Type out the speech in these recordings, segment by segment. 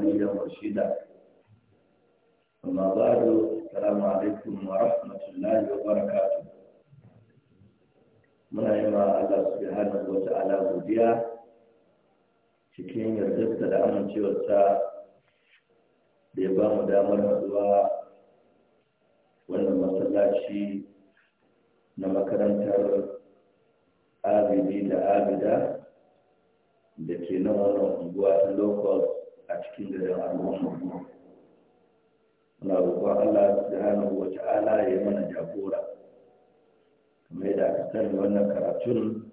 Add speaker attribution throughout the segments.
Speaker 1: وليا مرشدا أما بعد السلام عليكم ورحمة الله وبركاته muna yi ma Allah subhanahu wa cikin yardarsa da amincewarsa da ya ba mu damar haɗuwa wannan masallaci na makarantar abidi da abida da ke nan wannan unguwa ta locust a cikin da ya al'umma muna roƙon Allah subhanahu wa ta'ala ya mana jagora kuma yadda aka sani wannan karatun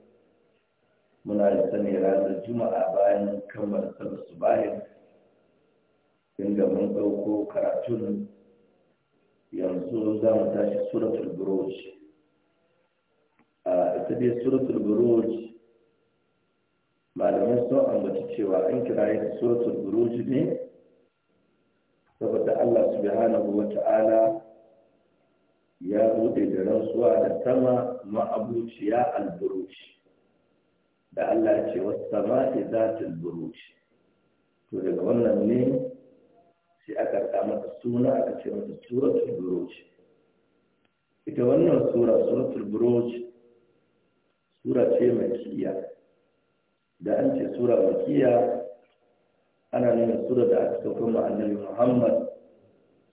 Speaker 1: muna da sani ranar juma'a bayan kammala sallar subahin inda mun ɗauko karatun yanzu za mu tashi suratul buruj ita dai suratul buruj malamai sun ambaci cewa an kira yi da suratul buruji ne saboda Allah subhanahu wa ta'ala ya bude da rantsuwa da sama ma'abuciya alburuji da Allah ya ce wasu sama izatul buruji to daga wannan ne sai aka ta mata suna aka ce mata suratul buruji ita wannan sura suratul buruji sura ce mai kiyaya da an ce sura makiya ana nuna sura da aka sauko ma annabi muhammad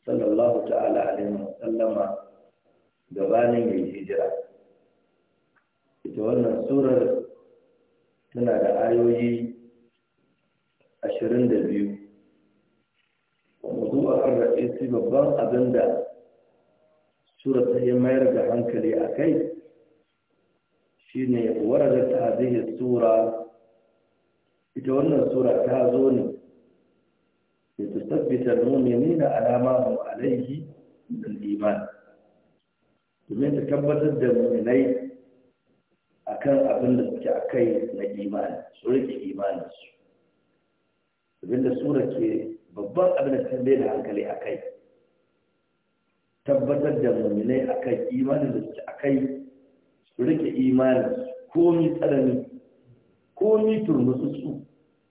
Speaker 1: sallallahu ta'ala alaihi wa sallama gabanin yayi hijira ita wannan surar tana da ayoyi ashirin da biyu mudu a babban abin da sura ta yi mayar da hankali a kai shine warar ta sura ita wannan sura ta zo ne da ta tabbita nomini na alama mu alaihi da liman domin ta tabbatar da muminai a kan abin da suke a kai na imani su rike imaninsu domin da sura ke babban abin da ta da hankali a kai tabbatar da muminai a kan imanin da suke a kai su rike imaninsu komi tsanani ko ni turmutsu su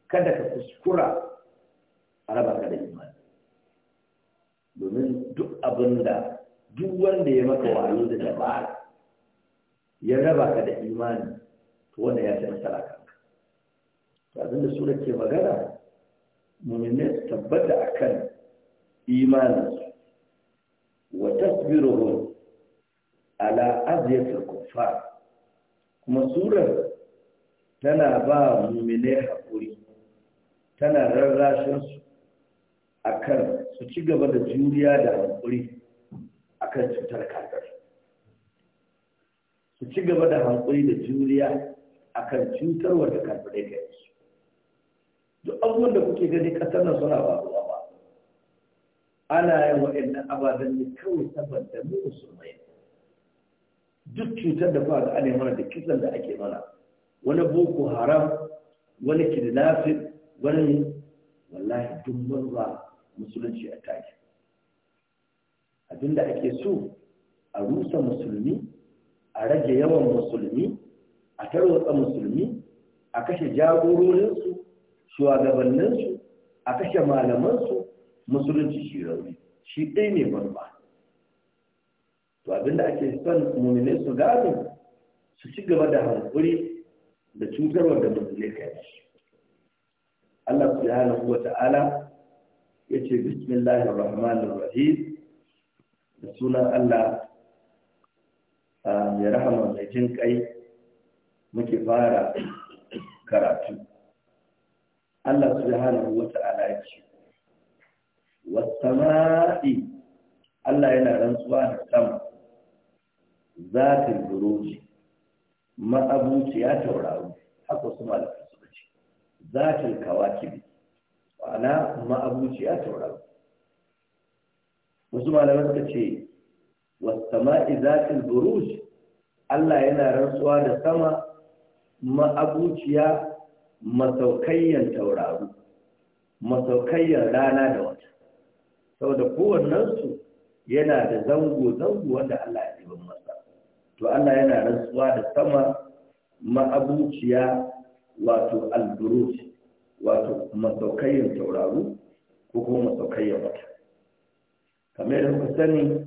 Speaker 1: kada ka kuskura a raba da imani domin duk abin da duk wanda ya maka wayo da dabara ya raba ka da imani to wanda ya ci nasara kanka da sura ke magana mu'minai su tabbata akan imaninsu wa tasbiru ala azyatil kuffar kuma surar tana ba mumine haƙuri tana su a kan su ci gaba da juriya da haƙuri a kan cutar kakar su ci gaba da haƙuri da juriya a kan cutar wadda ka yi su, duk abubuwan da kuke gani ƙasar nan suna ruwa ba ana yin waɗannan ababen ne kawai saboda mu musulmai duk cutar da ba da ana mana da kisan da ake mana wani boko haram wani kidnapping wani wallahi duk ba musulunci a take abinda ake so a rusa musulmi a rage yawan musulmi a tarwatsa musulmi a kashe jagororinsu shugabanninsu a kashe malamansu musulunci shi rauni shi ɗai ne barba to abinda ake son mummune su gano su ci gaba da hankuri da cutarwar da mutum kai Allah subhanahu wa ta'ala ya bismillahir rahmanir rahim da sunan Allah mai rahama mai jin kai muke fara karatu Allah subhanahu wa ta'ala ya ce wasama'i Allah yana rantsuwa da sama zatin buruji ma'abuciya tauraro haka wasu malamai su ce zatul kawakib ma'ana ma'abuciya tauraro wasu malamai suka ce wasama'i zatul buruj Allah yana rantsuwa da sama ma'abuciya masaukayyan taurari masaukayyan rana da wata saboda kowannensu yana da zango-zango wanda Allah ya ɗiban masa to Allah yana rantsuwa da sama ma'abuciya wato alburuj wato masaukayin tauraro ko kuma masaukayin wata kamar da kuka sani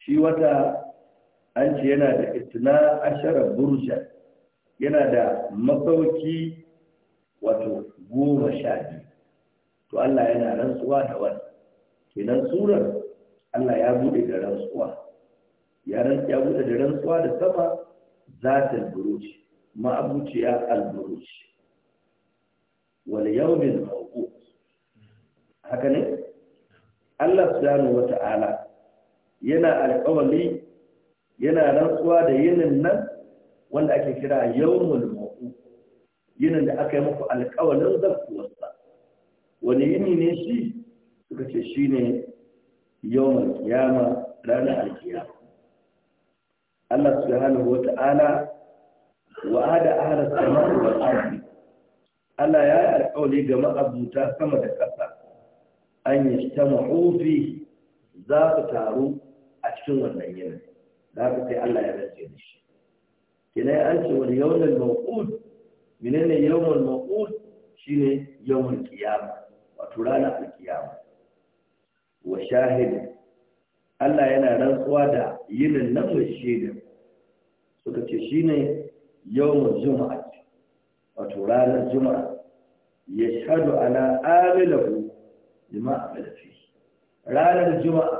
Speaker 1: shi wata an ce yana da itina ashara burja yana da masauki
Speaker 2: wato goma
Speaker 1: sha biyu to Allah yana rantsuwa da wani kenan surar Allah ya bude da rantsuwa ya rantsuwa da rantsuwa da sama zatin buruci ma'abuciya alburuj wal yawmin mawqut haka ne Allah subhanahu yana alƙawari yana rantsuwa da yinin nan wanda ake kira yawmul mawqut yinin da aka yi muku alƙawarin zakkuwarsa wani yini ne shi suka ce shine yawmul qiyama ranar alkiyama Allah subhanahu wa hada ahla samai wal ardi Allah ya yi alƙawari ga ma'abuta sama da ƙasa an yi ta ma'ofi za ku taru a cikin wannan yana za ku sai Allah ya rantse da shi kina an ce wani mawqut mawqud menene yawon mawqut shine yawon kiyama wato ranar wa shahid Allah yana rantsuwa da yinin nan shi shaida suka ce shine yawon juma'a wato ranar juma'a ya shaɗu ala amilahu a amalafi ranar juma'a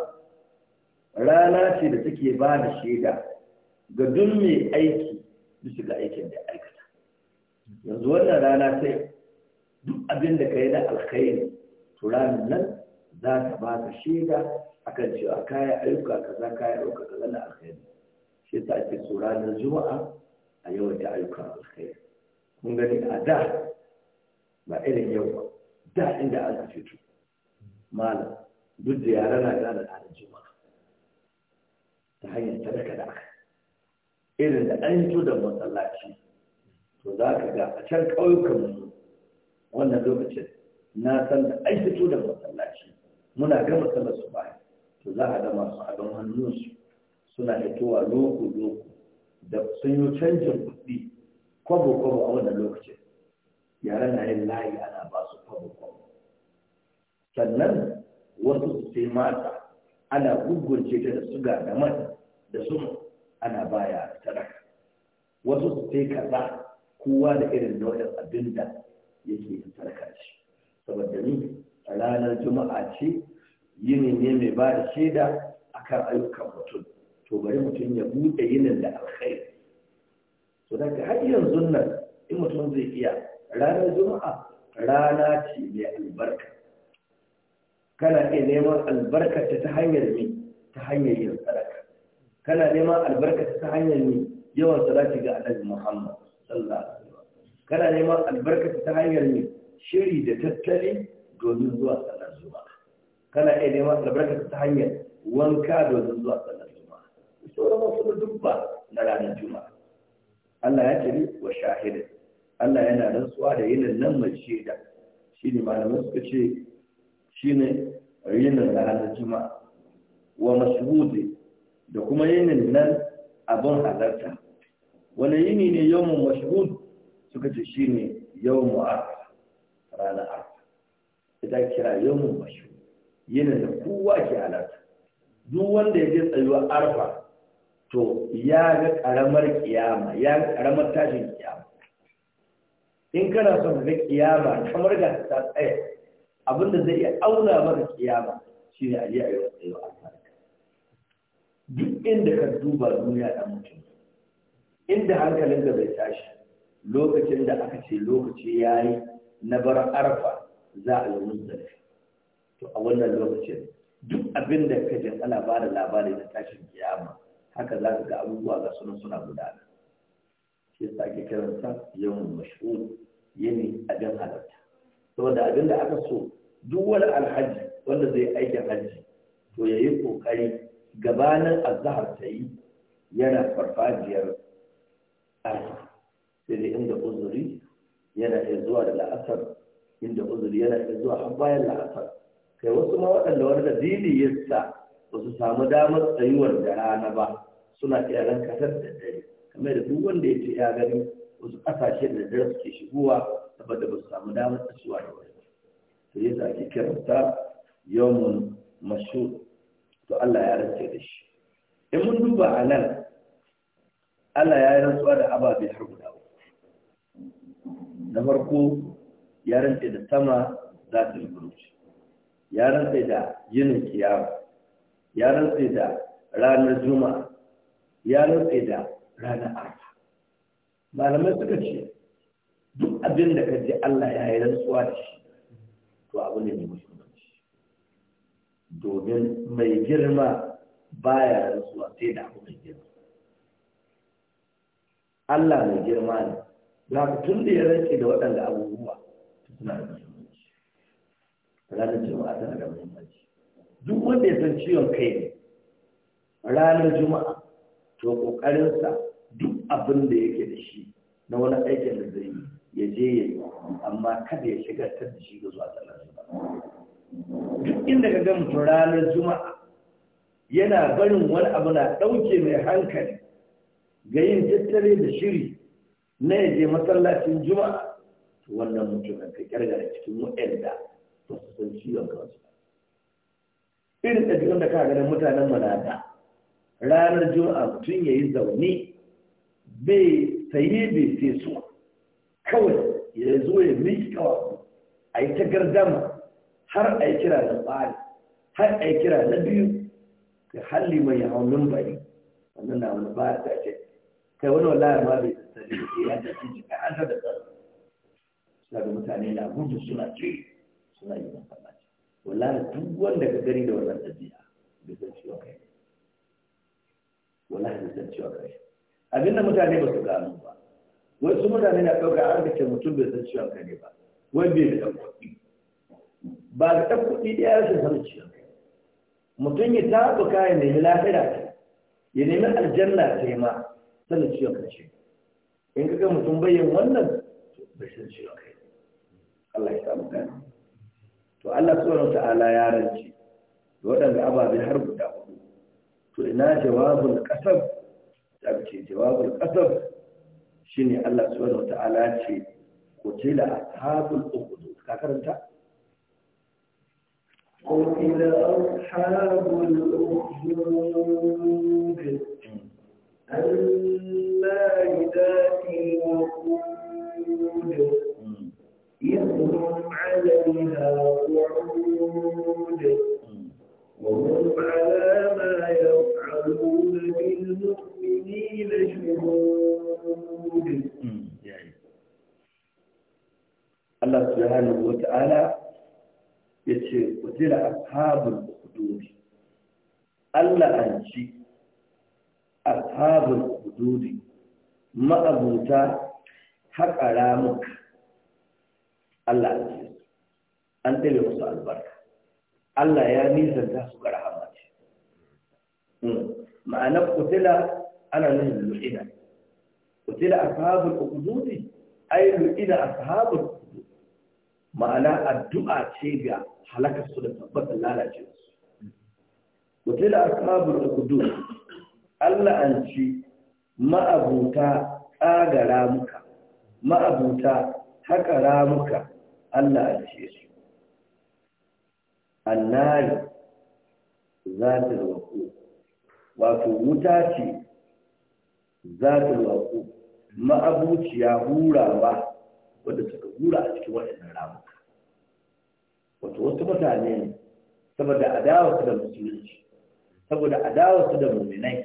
Speaker 1: rana ce da take ba da shaida ga duk mai aiki bisa ga aikin da aikata yanzu wannan rana sai duk abin da ka yi na alkhairi turanar nan za ta ba ka shaida akan cewa kayan ayyuka kaza kayan ayyuka kaza na alkhairi
Speaker 2: shi ta ake turanar juma'a a yawaita ayyukan
Speaker 1: alkhairi kun gani a da ba irin yau ba da inda aka fito malam duk da yara na da da juma ta hanyar sadaka da aka irin da an yi da matsalaci, to za ka ga a can ƙauyukan mu wannan lokacin na san da an fito da masallaci muna gama sallar su baya to za a ga masu abin hannunsu suna fitowa loko loko da sun yi canjin kuɗi kwabo-kwabo a wannan lokacin
Speaker 2: yare na yin
Speaker 1: layi ana ba su kwabo-kwabo
Speaker 2: sannan
Speaker 1: wasu su sai mata ana gugunce ta da suga da man da su ana baya sadaka wasu su sai kaza kowa da irin nau'in abin da yake yin sadaka shi saboda ni ranar juma'a ce yini ne mai ba da shaida akan ayyukan mutum to bari mutum ya buɗe yinin da alkhairi to daga har yanzu nan in mutum zai iya ranar juma'a rana ce mai albarka kana iya neman albarkar ta hanyar mi ta hanyar yin sadaka kana neman albarkar ta hanyar mi yawan salati ga annabi Muhammad sallallahu alaihi wasallam kana neman albarkar ta hanyar mi shiri da tattali domin zuwa sallar juma'a kana iya neman albarkar ta hanyar wanka domin zuwa sallar sauran wasu dubba na ranar juma'a Allah ya kiri wa shahidin Allah yana rantsuwa da yinin nan mai shaida shi ne malamai suka ce shi ne na ranar juma'a wa mashahudi da kuma yinin nan abin halarta wani yini ne yawon mashahud suka ce shi ne yawon mu'arfa ranar arfa ita kira yawon mashahud yinin da kowa ke halarta duk wanda ya je tsayuwa arfa to ya ga ƙaramar kiyama ya ga ƙaramar tashin kiyama in kana son ga kiyama kamar ga ta tsaya abinda zai iya auna maka kiyama shi ne aliyu a duk inda ka duba duniya ɗan mutum inda hankalin da bai tashi lokacin da aka ce lokaci ya yi na bar arfa za a yi to a wannan lokacin duk abin da ka jin ana ba da labari na tashin kiyama haka za ka ga abubuwa ga sunan suna gudana shi yasa ake kiransa yawan mashhur yini a jan halarta. saboda abin da aka so duk wani alhaji wanda zai aikin hajji to ya yi kokari gabanin azahar ta yi yana farfajiyar arha sai dai inda uzuri yana iya zuwa da la'asar inda uzuri yana iya zuwa har bayan la'asar kai wasu ma waɗanda wani dalili ya sa ba su samu damar tsayuwar da rana ba suna iyalan kasar da dare kamar da duk wanda ya ce ya gani wasu kasashe da dare suke shigowa saboda ba su samu damar tsuwa da wani to yasa ake ta yawmun mashhur to Allah ya rantse da shi in mun duba a nan Allah ya yi rantsuwa da ababe har guda na farko ya rantse da sama za ta yi buruci ya rantse da yinin kiyawa ya rantse da ranar juma'a ya rantse da ranar arfa malamai suka ce duk abin da ka ji Allah ya yi rantsuwa da shi to abu ne mai muhimmanci domin mai girma baya rantsuwa sai da abu mai girma Allah mai girma ne za tun da ya rantsi da waɗanda abubuwa suna da muhimmanci ranar juma'a tana da musulunci. duk wanda ya san ciwon kai ne ranar juma'a to ƙoƙarinsa duk abin da yake da shi na wani aikin da zai ya je ya yi amma kada ya shiga ta da shi ga zuwa ba. duk inda ka ga mutum ranar juma'a yana barin wani abu na ɗauke mai hankali ga yin tattare da shiri na ya je masallacin juma'a to wannan mutumin ka kyargara cikin wa'anda ba su san ciwon ba. irin ɗabi'un da ka ganin mutanen mu na da ranar juma'a mutum ya yi zaune bai saye bai feso kawai ya zo ya miki kawai a yi ta gardama har a yi kira na tsari har a yi kira na biyu ka halli mai haunin bari wannan na wani ba ta ce kai wani wallahi ma bai tattali da ke yadda sun jika an da tsaro suna da mutane na gudu suna ce suna yi masallaci wallahi duk wanda ka gani da wannan ɗabi'a bai san ciwon kai ne wallahi bai san cewa kai abin da mutane ba su gano ba wasu mutane na ɗauka an kace mutum bai san ciwon kai ba wai bai da kuɗi ba ga ɗan kuɗi ɗaya rashin sanin kai. mutum ya taɓa kayan nemi lafiya ya nemi aljanna ta yi ma sanin ciwon kai ce. in ka ga mutum bayan wannan bai san ciwon kai Allah ya samu gani to Allah subhanahu ta'ala ya rance waɗanda ababe har guda to ina jawabul qasab da ce jawabul qasab shine Allah subhanahu ta'ala ce kutila ashabul ukhdud ka karanta قتل
Speaker 2: أصحاب الأخدود النار ذات ما
Speaker 1: subhanahu wa ta'ala ya ce kutila ashabul hududi Allah an ci ashabul hududi ma'abuta haƙa ramuka Allah an ce an tsaye musu albarka Allah ya nisanta su ga rahama ce hmm. ma'anar kutila ana nuna lu'ina a ashabul hududi ai lu'ina ashabul hududi ma'ana addu'a ce ga halakar su da tabbatar lalace su wata da asabul ukudu Allah an ci ma'abuta tsagara muka. ma'abuta haka ramuka Allah an ce su annari za ta wato wuta ce za ta ya ma'abuciya ba. wanda suka gura a cikin waɗannan ramuka wato wasu mutane ne saboda adawarsu da musulunci saboda adawarsu da muminai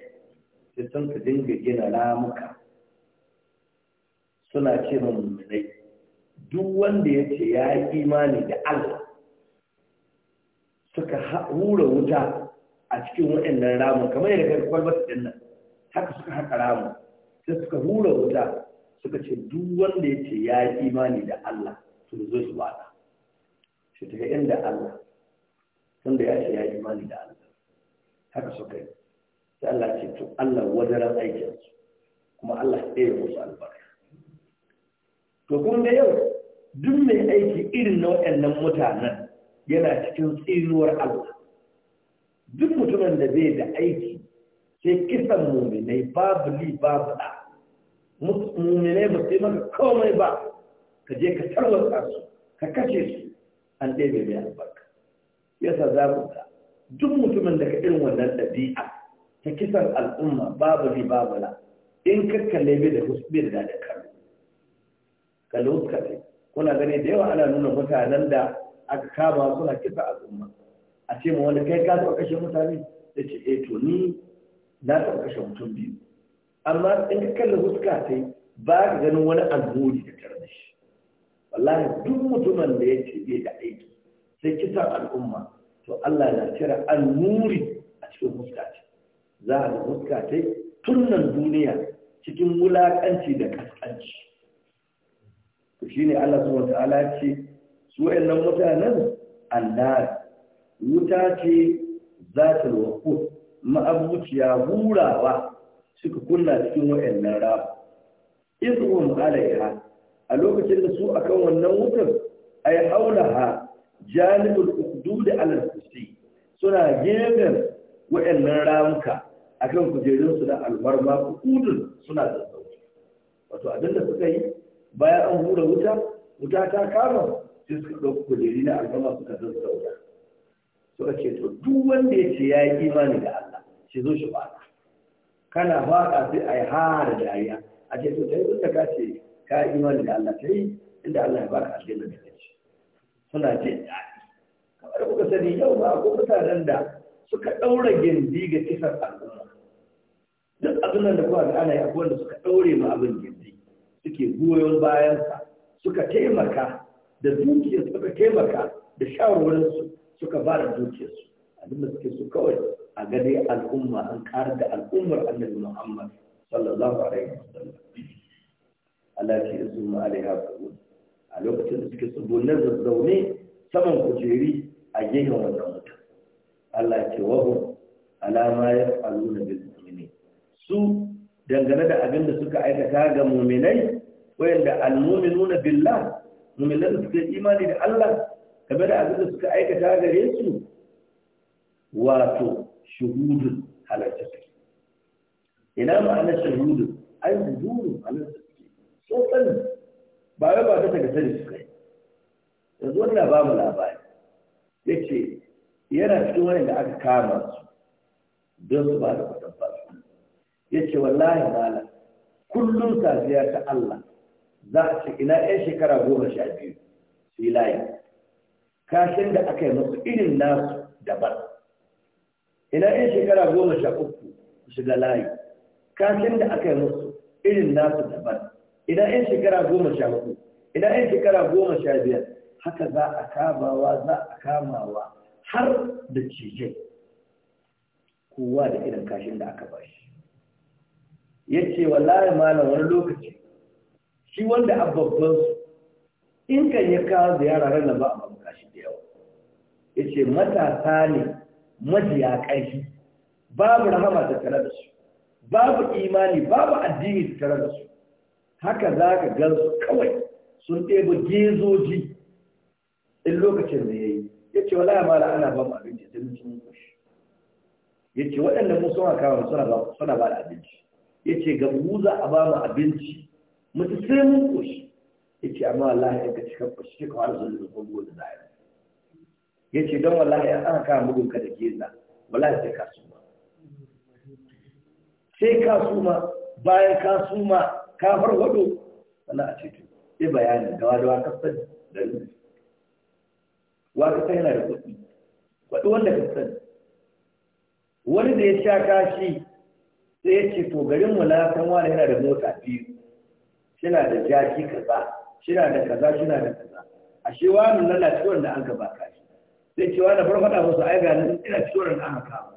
Speaker 1: sai sun ka dinga gina ramuka suna ce ma muminai duk wanda ya ce ya yi imani da Allah suka hura wuta a cikin waɗannan ramu kamar yadda kai kwalbata ɗin nan haka suka haka ramu sai suka hura wuta suka ce duk wanda ya ce ya yi imani da Allah to zo su bada shi ta ga da Allah wanda ya ce ya yi imani da Allah haka su kai sai Allah ce to Allah wajen aikin su kuma Allah ɗaya musu albarka to kun da yau duk mai aiki irin na waɗannan mutanen yana cikin tsinuwar Allah duk mutumin da bai da aiki sai kisan muminai babu li babu da mummune ba sai maka komai ba ka je ka tarwatsa su ka kashe su an ɗebe mai albarka yasa za mu ta duk mutumin da ka irin wannan ɗabi'a ta kisan al'umma babu ne babu na in ka kalle mai da husbir da da kallo kallo kalle kuna gani da yawa ana nuna mutanen da aka kama suna kisa al'umma a ce ma wani kai ka taɓa kashe mutane da ce eto eh, to ni na taɓa kashe mutum biyu amma in ka kalli huska sai ba ka ganin wani alhuri da karni shi wallahi duk mutumin da ya ce bai da aiki sai kisa al'umma to Allah na cire almuri a cikin huska ce za a ga huska ce tun nan duniya cikin wulaƙanci da kaskanci to shine Allah subhanahu wataala ce su wayannan mutanen Allah wuta ce za ta waqut ma'abuciya hurawa suka kunna cikin wa'annan rabu izun alaiha a lokacin da su akan wannan wutar ay haulaha janibul ukdud ala kursi suna gefen wa'annan ramuka akan kujerun su da albarma kudin suna da sauki wato da suka yi bayan an hura wuta wuta ta kama sai suka ɗauki kujeri na albarma suka zazzauta suka ce to duk wanda ya ce ya yi imani da Allah shi zo shi ba kana faɗa sai yi har dariya a ce to dai inda ka ce ka yi imani da Allah ta yi inda Allah ya baka aljanna da kace suna ce kamar kuka sani yau ba ko mutanen da suka ɗaura gindi ga kisar al'umma duk abin da kuwa ga ana yi akwai wanda suka daure ma abin gindi suke goyon bayansa suka taimaka da dukiyarsu suka taimaka da shawarwarinsu suka ba da dukiyarsu abin da suke su kawai a ga al'umma an ƙara da al'ummar annabi Muhammad sallallahu alaihi wasallam Allah ke isu mu alaiha a lokacin da suke da zaune saman kujeri a gefen wannan mutum Allah ke wahu alama ya faru na bilmini su dangane da abin da suka aikata ga muminai wayanda nuna billah muminan da suka imani da Allah game da abin da suka aikata gare su wato shuhudun halarta suke ina ma'anar shuhudun ai hudurun halarta suke sun sani ba wai ba ta daga sani suka yi yanzu wannan ba mu labari ya ce yana cikin wani da aka kama su don su ba da kudin fasu ya ce wallahi mala kullum safiya ta Allah za a ina yan shekara goma sha biyu su layi kashin da aka yi masu irin nasu daban ina yin shekara goma sha uku shiga layi kasin da aka yi musu irin nasu daban ina yin shekara goma sha uku ina yin shekara goma sha biyar haka za a kamawa za a kamawa har da cije kowa da irin kashin da aka ba shi ya ce wa layi malam wani lokaci shi wanda a babban su in kan ya kawo yara ranar ba a mamu kashi da yawa ya ce matasa ne majiya ƙarfi babu rahama tattare da su babu imani babu addini tattare da su haka za ka gan su kawai sun ɗebo gezoji in lokacin da ya yi ya ce wala ana ba mu abinci da mun cin ya ce waɗanda mu suna kawo suna ba da abinci ya ce ga mu za a ba mu abinci mu sai mun ya ce amma wallahi in ka cika kushi cika zai da da ya ce don wallahi an aka kama ka da geza wallahi sai ka suma sai kasuma, bayan kasuma kafar ka farwado wallahi a ce sai bayanin gawa da waka sani da rufi waka sani yana da kuɗi kuɗi wanda ka sani wani da ya sha kashi sai ya ce to garin mu na san wani yana da mota biyu shina da jaki kaza shina da kaza shina da kaza ashe wani nan na ciwon da an gaba kashi sai cewa na farko da musu ai ga nan ina cikin ran aka kawo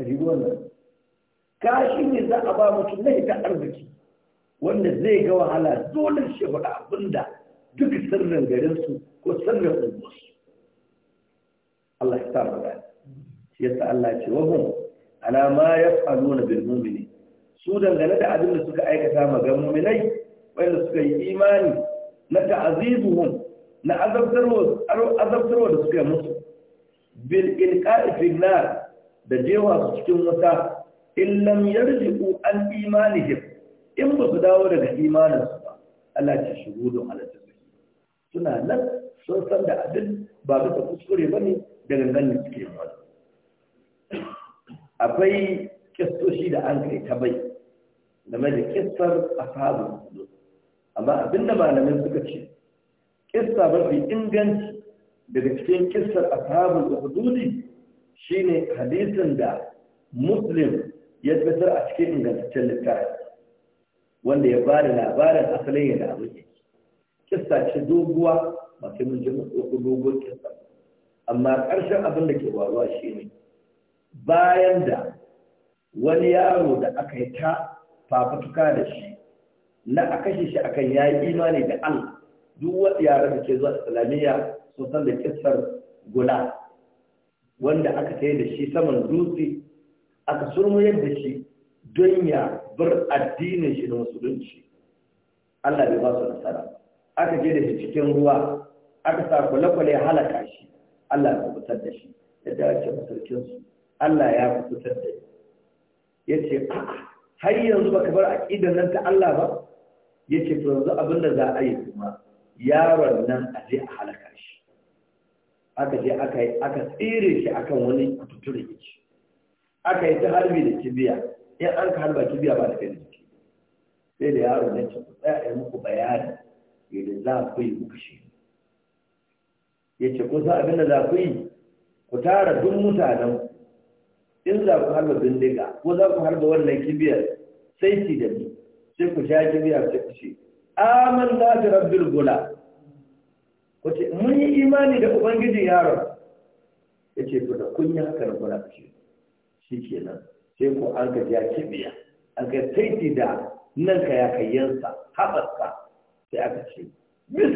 Speaker 1: ka ji wannan shi ne za a ba mutum na ita arziki wanda zai ga wahala dole shi faɗa abinda duk sirrin garinsu ko sirrin unguwarsu Allah ya sa mu shi yasa Allah ce wa hum ala ma yaf'aluna bil mu'mini su dangane da abin da suka aikata ma ga mu'minai wanda suka yi imani na ta'azibuhum na azabtarwa da suka musu bil ilqa'i fil da jewa su cikin wata in lam yarji'u an imanihim in ba su dawo daga imaninsu ba Allah ce shuhudun ala tasbihi suna nan sun san da abin ba bisa kuskure bane da gangan suke yi akwai kistoshi da an kai ta bai game da kistar ashabul amma abinda malamin suka ce kissa mafi inganci daga cikin kissar ashabul hududi shine hadisin da muslim ya fitar a cikin ingantaccen littafi wanda ya ba da labarin asalin yadda abin yake kissa ce doguwa ba sai mun ji mutu doguwar kissa amma ƙarshen abin da ke waruwa shi ne bayan da wani yaro da aka yi ta fafutuka da shi na a kashe shi akan ya yi imani da Allah duk wani yara da ke zuwa islamiyya sun san da kissar gula wanda aka tayi da shi saman dutse aka surmuyar da shi don ya bar addinin shi da musulunci Allah bai ba su nasara aka je da shi cikin ruwa aka sa kwale-kwale halaka shi Allah ya kubutar da shi da dace su, Allah ya kubutar da shi ya ce har yanzu baka bar aƙidar nan ta Allah ba ya ce to yanzu abin da za a yi kuma yaron nan a je a halaka shi aka je aka aka tsere shi akan wani tuture ci aka yi ta harbi da kibiya in an ka harba kibiya ba da kai jiki sai da yaron nan ce ku tsaya yi muku bayani yadda za ku yi muku shi ya ce ku sa abin da za ku yi ku tara duk mutanen in za ku harba bindiga ko za ku harba wannan kibiyar sai ki da ni sai ku sha kibiya sai ku ce da ta rabbil gula ku mun yi imani da ubangiji yaron ya ce to da kun yi haka shi kuna kashe shi kenan sai ko an ga ya kibiya an ga taiti da nan ka ya kayyansa haɓarsa sai aka ce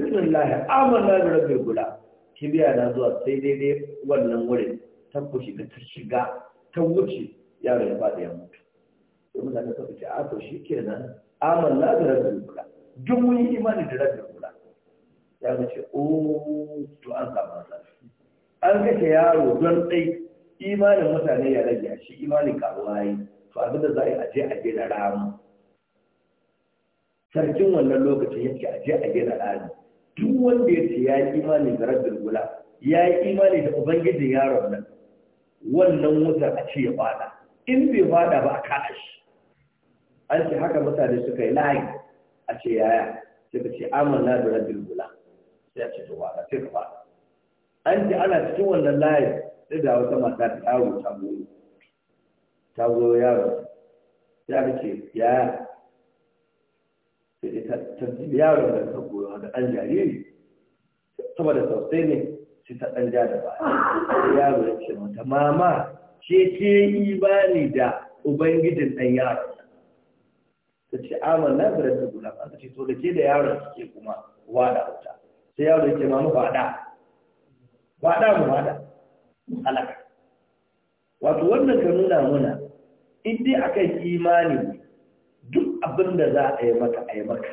Speaker 1: Aman da ta rabbil gula kibiya na zuwa sai daidai wannan wurin ta ku da ta shiga ta wuce yaro ya faɗi ya mutu sai mutane ka ce a to shi kenan da ta rabbil gula. duk mun yi imani da rabbi kula ya ga ce o oh, to an kama nasara an kashe yaro don dai imanin mutane ya rage shi imanin karuwa yi to abin da za a yi aje a gina ramu sarkin wannan lokacin yake aje a gina ramu duk wanda ya ce ya yi imani da rabbi kula ya yi imani da ubangijin yaron nan wannan wutar a ce ya fada in bai fada ba a kada shi an ce haka mutane suka yi layi a ce yaya sai ka ce amanna da rabbil sai a ce to ba sai ka fara an ji ana cikin wannan layin sai da wata mata ta yawo ta goyo ta goyo yaro sai aka ce yaya sai ta ji yaro da ta goyo haka ɗan jariri saboda sosai ne sai ta ɗan ja da baya sai yaro ya ce mata mama ce ke yi ba ni da ubangijin ɗan yaro ta ce aman na fara guda gula an ce to da ke da yaron suke kuma wada wuta sai yaro yake ma mu wada wada mu wada alaka wato wannan ka nuna muna in dai akan imani duk abin da za a yi maka a yi maka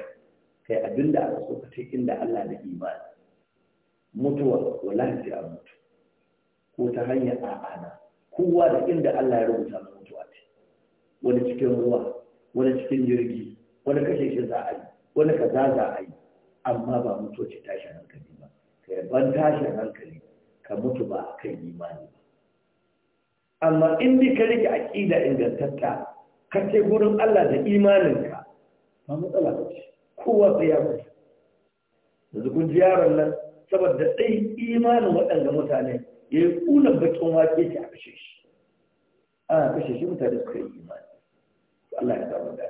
Speaker 1: kai abin da aka so ka ce inda Allah da imani mutuwa wala sai a mutu ko ta hanyar a'ana kowa da inda Allah ya rubuta mutuwa ce wani cikin ruwa wani cikin jirgi wani kashe shi za a yi wani kaza za a yi amma ba ce tashin hankali ba ka ban tashin hankali ka mutu ba a kan imani ba amma in bi ka rike aƙida ingantatta ka ce gurin Allah da imaninka ba matsala ba ce kowa sai ya mutu yanzu kun ji yaron nan saboda ɗai imanin waɗanda mutane ya yi ƙunan bakin wake ce a kashe shi a kashe shi mutane suka yi imani Allah ya samu da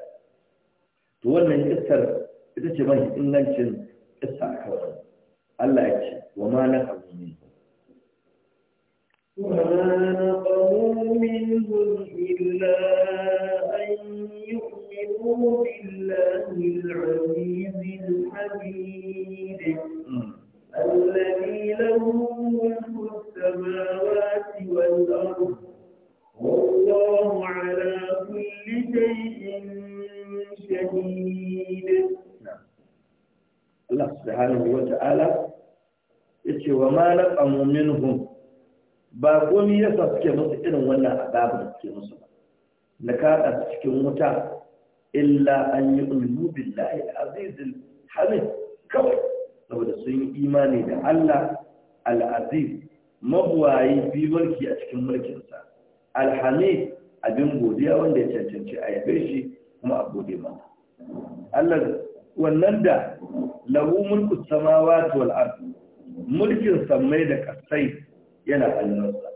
Speaker 1: to wannan kissar ita ce mai ingancin kissa kawai Allah ya ce wa ma na qawmin
Speaker 2: wa ma na qawmin illa an yu'minu billahi al-'aziz al-hamid
Speaker 1: wa ma laqamu minhum ba komi yasa suke musu irin wannan azabu da suke musu na kada cikin wuta illa an yi ulmu billahi azizil hamid kawai saboda sun yi imani da Allah al-aziz mabuwayi bi mulki a cikin mulkinsa al-hamid abin godiya wanda ya cancanci a yabe shi kuma a gode masa Allah wannan da lahu mulku samawati wal ardi mulkin sammai da kasai yana hannunsa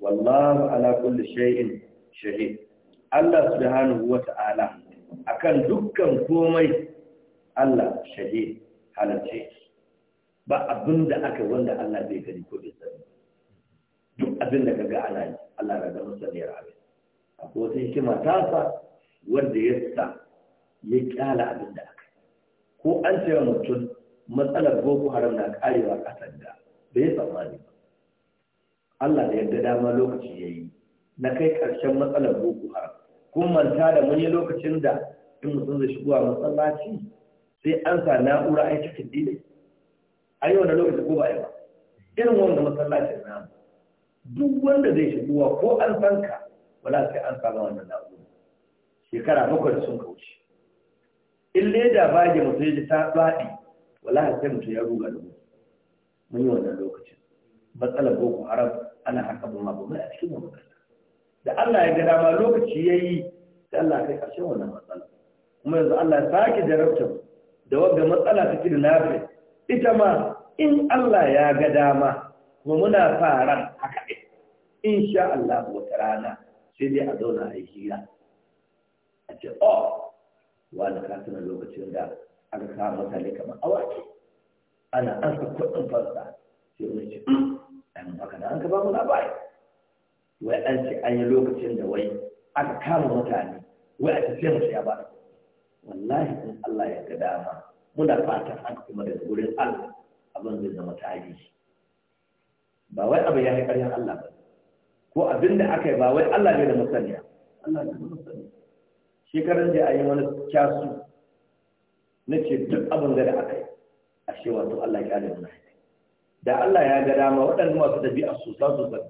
Speaker 1: wallahu ala kulli shay'in shahid Allah subhanahu wata'ala akan dukkan komai Allah shahid halace, ba abin da aka wanda Allah bai gani ko bai sani duk abin da kaga ana yi Allah na ga masaniyar abin akwai wata hikima sa wanda ya sa ya kyala abin da aka ko an ce mutum matsalar boko haram na karewa kasar da bai yi tsammani ba Allah da yadda dama lokaci ya yi na kai ƙarshen matsalar boko haram kun manta da mun yi lokacin da in mutum zai shigo a masallaci sai an sa na'ura a yi cikin dile a yi wani lokaci ko ba yi ba irin wanda masallacin namu duk wanda zai shigowa ko an san ka wala sai an sa wannan na'ura shekara bakwai sun kauce in leda bage mutum ya ji ta faɗi wallahi sai mutum ya ruga da mu mun yi wannan lokacin matsalar boko haram ana haka ma mabumai a cikin makaranta da Allah ya ga dama lokaci ya yi da Allah kai ƙarshen wannan matsala kuma yanzu Allah ya sake jarabta da wanda matsala ta da lafi ita ma in Allah ya ga dama kuma muna fara haka in sha Allah wata rana sai dai a zauna a yi hira a ce oh wani ka lokacin da aka kawo wata ne kamar awaki ana an ka kudin farsa sai wani ce yi hmm, baka da an ka ba mu labari wai an ce an yi lokacin da wai aka kama mutane wai a tafiya mace ya ba wallahi in Allah ya ga dama muna fatan haka kuma daga wurin Allah abin zai zama tari ba wai abu ya yi ƙarfin Allah ba ko abin da aka yi ba wai Allah ne da masaniya Allah ne da masaniya shekaran da a yi wani kyasu nace duk abin da aka yi a shi wato Allah ya da muna da Allah ya ga dama waɗanda masu tabi'a su sa su zanna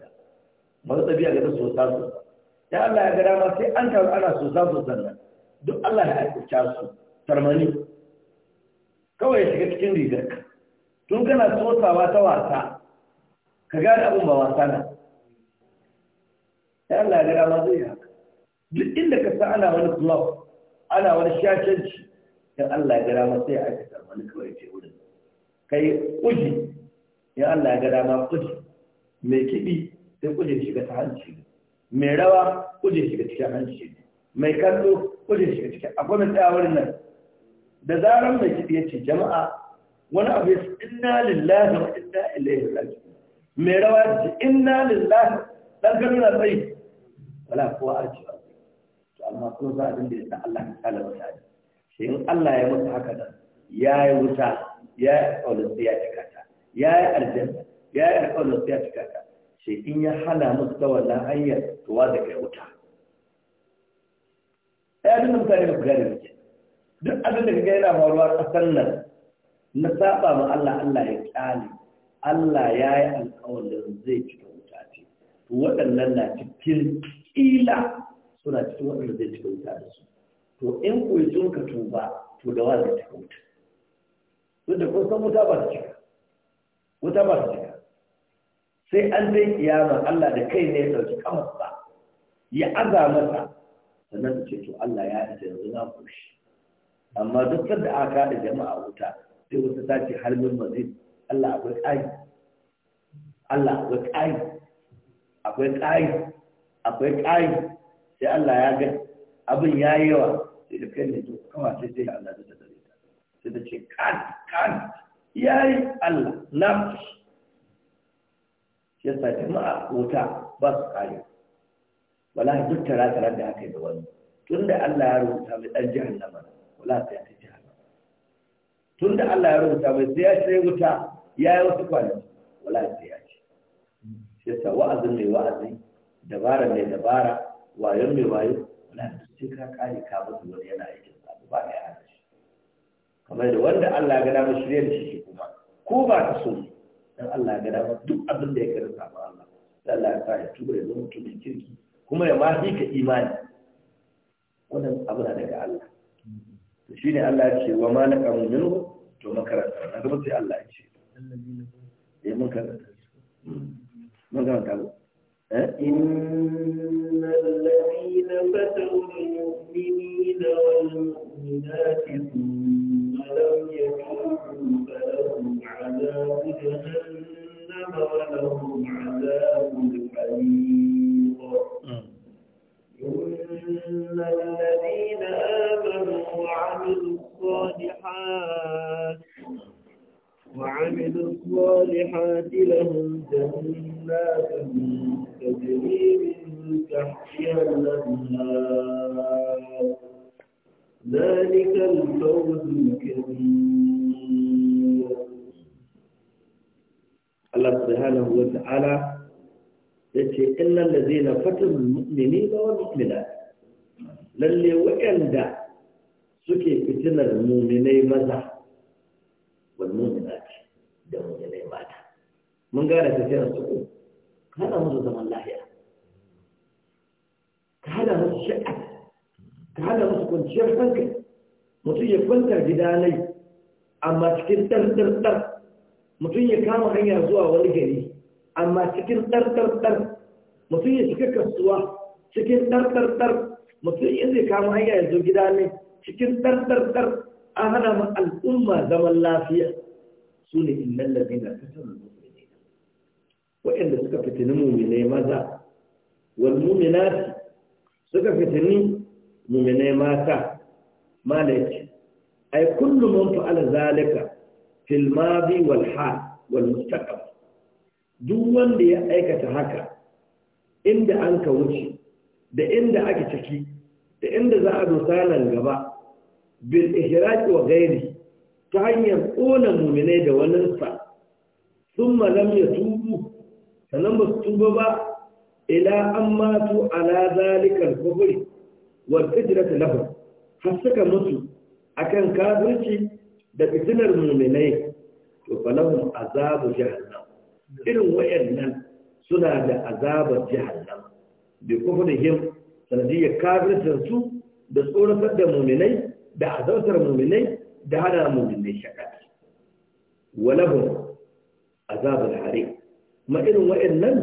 Speaker 1: masu tabi'a ga su sa su da Allah ya ga dama sai an taru ana su sa su zanna duk Allah ya aikata su tarmani kawai ya shiga cikin rigar ka tun kana tsotsawa ta wasa ka gane abin ba wasa na ya Allah ya ga dama zai haka duk inda ka sa ana wani club ana wani shashanci in Allah ya gara ma sai ya aikata wani kawai ce wurin kai kuji in Allah ya gara ma kuji mai kiɗi sai kuje shiga ta hanci mai rawa kuje shiga cikin hanci mai kallo kuje shiga cikin akwai mai tsaya wurin nan da zaran mai kiɗi ya ce jama'a wani abu ya ce inna lillahi wa inna ilaihi raji'un mai rawa ya ce inna lillahi dan kallo na tsayi wala kowa a To amma kuma za a dinda yadda Allah ya kala mutane in Allah ya mutu haka nan ya yi wuta ya yi alƙawarin sai ya cika ta ya yi aljanna ya yi alƙawarin ya cika ta sai in ya hana musu ta wannan hanyar to wa da kai wuta yi duk mutane ba gane da duk abin da kaga yana faruwa ƙasar nan na saba ma Allah Allah ya ƙyale. Allah ya yi alƙawarin zai cika wuta ce waɗannan na cikin ƙila suna cikin waɗanda zai cika wuta da su to in ku sun ka tuba to da wanda ta kauta duk da kun san wuta ba ta cika wuta ba ta cika sai an dai kiyama Allah da kai ne ya dauki ba, ya aza masa sannan su ce to Allah ya isa yanzu na kushi amma duk sanda aka da jama'a wuta sai wata ta ce har min mazid Allah akwai ƙari
Speaker 2: Allah akwai ƙari
Speaker 1: akwai ƙari akwai ƙari
Speaker 2: sai Allah ya ga abin ya yi yawa sai da kai ne to kawai
Speaker 1: sai sai Allah ta tare ta sai ta ce kan kan yayi Allah na shi sa jama'a wuta ba su kare Wala duk tara tara da aka yi da wani Tun da Allah ya rubuta mai dan jahannama wala sai ta jahannama da Allah ya rubuta mai sai ya sai wuta yayi wasu kwanaki wala sai ya ce Sai sa wa'azin mai wa'azi dabara mai dabara wayon mai wayo wala sai ka kare ka mutu wani yana aikin sabu ba ya yana shi kamar da wanda Allah ya gada mu shirye da shi kuma ko ba ka so dan Allah ya gada mu duk abin da ya karin sabu Allah Dan Allah ya sa ya tuba ya zama mutumin kirki kuma ya ma ka imani wannan abu na daga Allah to shine Allah ya ce wa ma naqamu minhu to makaranta na gaba sai Allah ya ce eh mun karanta mun karanta أئن
Speaker 2: الذين فتوا المؤمنين والمؤمنات ثم لم يتوبوا فلهم عذاب جهنم ولهم عذاب الحريق الصالحات لهم جنات تجري من تحتها الأنهار
Speaker 1: ذلك الفوز الكبير الله سبحانه وتعالى yace innal ladina fatanu al-mu'minina wal mu'minat lalle wa'anda suke fitinar mu'minai maza mun gane tafiyar su ka hada musu zaman lafiya ka hada musu sha'a ka hada musu kwanciyar hankali mutum ya kwanta gida amma cikin ɗarɗarɗar mutum ya kama hanya zuwa wani gari amma cikin ɗarɗarɗar mutum ya shiga kasuwa cikin ɗarɗarɗar mutum ya zai kama hanya ya zo gida ne cikin ɗarɗarɗar an hana ma al'umma zaman lafiya su ne innan lafiya ta sanar waɗanda suka fitini muminai maza wal muminati suka fitini muminai mata malaki ai kullu man fa'ala zalika fil madi wal hal wal mustaqbal duk wanda ya aikata haka inda an ka wuce da inda ake ciki da inda za a dosa nan gaba bil ihraq wa ghairi ta hanyar kona muminai da waninsa sun malam ya sannan ba su tuba ba ila an matu ala zalikal kufri wal ta lahu har suka mutu akan kafirci da fitinar mu'minai to falahum azabu jahannam irin wayannan suna da azabar jahannam bi kufrihim sanadiyyar kafircin su da tsoratar da mu'minai da azautar mu'minai da hana mu'minai shakat walahum azabul harim mairin irin nan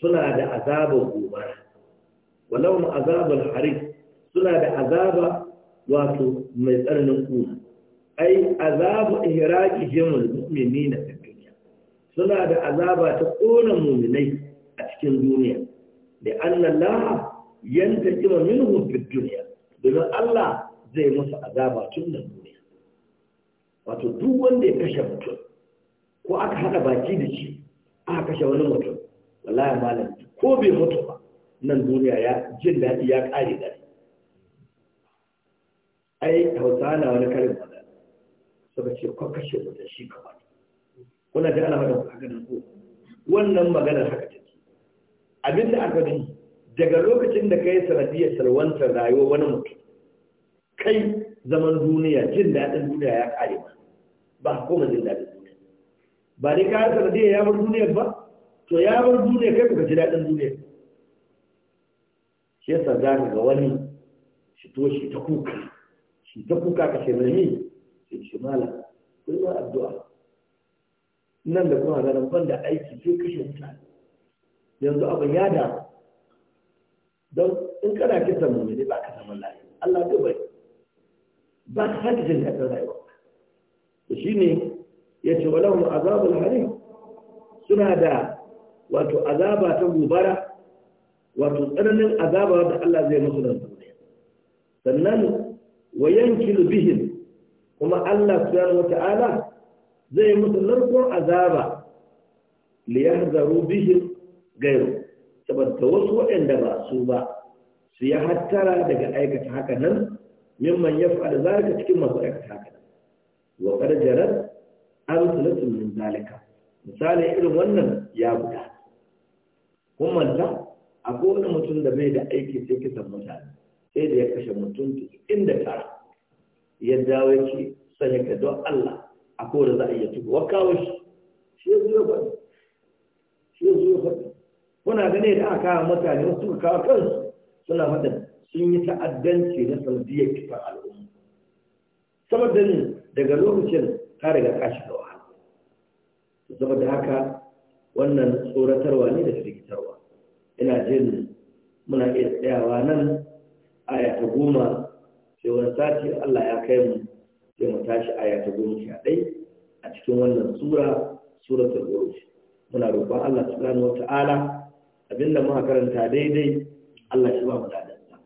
Speaker 1: suna da azabar gobara walau ma azabar harin suna da azaba wato mai tsarnin kuma ai azabu ihraqi jamal mu'minina fi dunya suna da azaba ta kona mu'minai a cikin duniya da anna Allah yantaqima minhum fi dunya domin Allah zai musu azaba tun da duniya wato duk wanda ya kashe mutum ko aka hada baki da shi A kashe wani mutum wallahi malam ko bai mutu ba nan duniya ya jin daɗi ya ƙare da ai hausa na wani karin magana suka ce ko kashe mutum shi kamar kuna ji ana faɗin haka nan ko wannan maganar haka take abinda aka bi daga lokacin da kai sanadiyar salwantar rayuwar wani mutum kai zaman duniya jin daɗin duniya ya ƙare ba ba ko jin daɗin ba dai ka harkar da ya bar duniyar ba to ya bar duniyar kai kuka ji daɗin duniyar shi yasa za ka ga wani shi to shi ta kuka shi ta kuka ka shi rami shi shi mala kai ma addu'a nan da kuma ganin ban da aiki sai kashe mutane yanzu abin ya da don in kana kisan mai ne ba ka zaman lafiya Allah zai bai ba ka sake jin daɗin rayuwa shi ne ya ce walahun azabul hari suna da wato azaba ta gobara wato tsananin azaba da Allah zai musu nan duniya sannan wa bihim kuma Allah subhanahu wata'ala zai musu narkon azaba li yahzaru bihim gairu saboda wasu waɗanda ba su ba su ya hattara daga aikata haka nan mimman ya za ka cikin masu aikata haka wa qad amsalatun min zalika misalin irin wannan ya guda kun manta akwai wani mutum da bai da aiki sai kisan mutane sai da ya kashe mutum inda tara ya dawo yake sanya ka don Allah a kowane za a iya tuku wa kawo shi shi ya zuwa faɗi shi ya zuwa faɗi kuna gane da aka kawo mutane wasu suka kawo kansu suna fada sun yi ta'addanci na sanadiyar kifar al'umma saboda ne daga lokacin ka daga kashi gawa da haka
Speaker 2: wannan tsoratarwa ne da firgitarwa
Speaker 1: ina jin
Speaker 2: muna iya tsayawa nan ayata goma
Speaker 1: sai sati Allah ya kai mu sai mu tashi ayata goma sha ɗai
Speaker 2: a cikin wannan sura suratul buruj muna roƙon Allah subhanahu wata'ala
Speaker 1: abinda muka karanta daidai Allah shi ba mu dadansa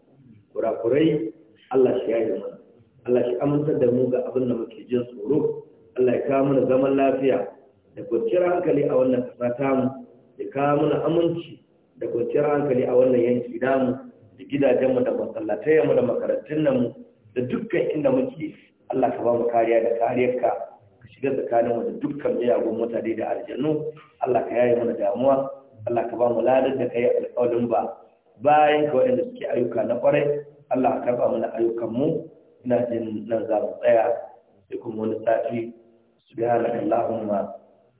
Speaker 1: kurakurai Allah shi yi mana Allah shi amintar da mu ga abin da muke jin tsoro Allah ya kawo mana zaman lafiya da kwanciyar hankali a wannan ƙasa tamu da kawo mana aminci da kwanciyar hankali a wannan yanki namu da gidajenmu da masallatayenmu da makarantun namu da dukkan inda muke Allah ka ba mu kariya da kariyarka ka shiga tsakanin da dukkan miyagun mutane da aljannu Allah ka yaye mana damuwa Allah ka ba mu ladar da ka yi alƙawarin ba bayan ka waɗanda suke ayyuka na ƙwarai Allah ka karɓa mana ayyukanmu ina jin nan za mu tsaya sai kuma wani sati subhanakallahumma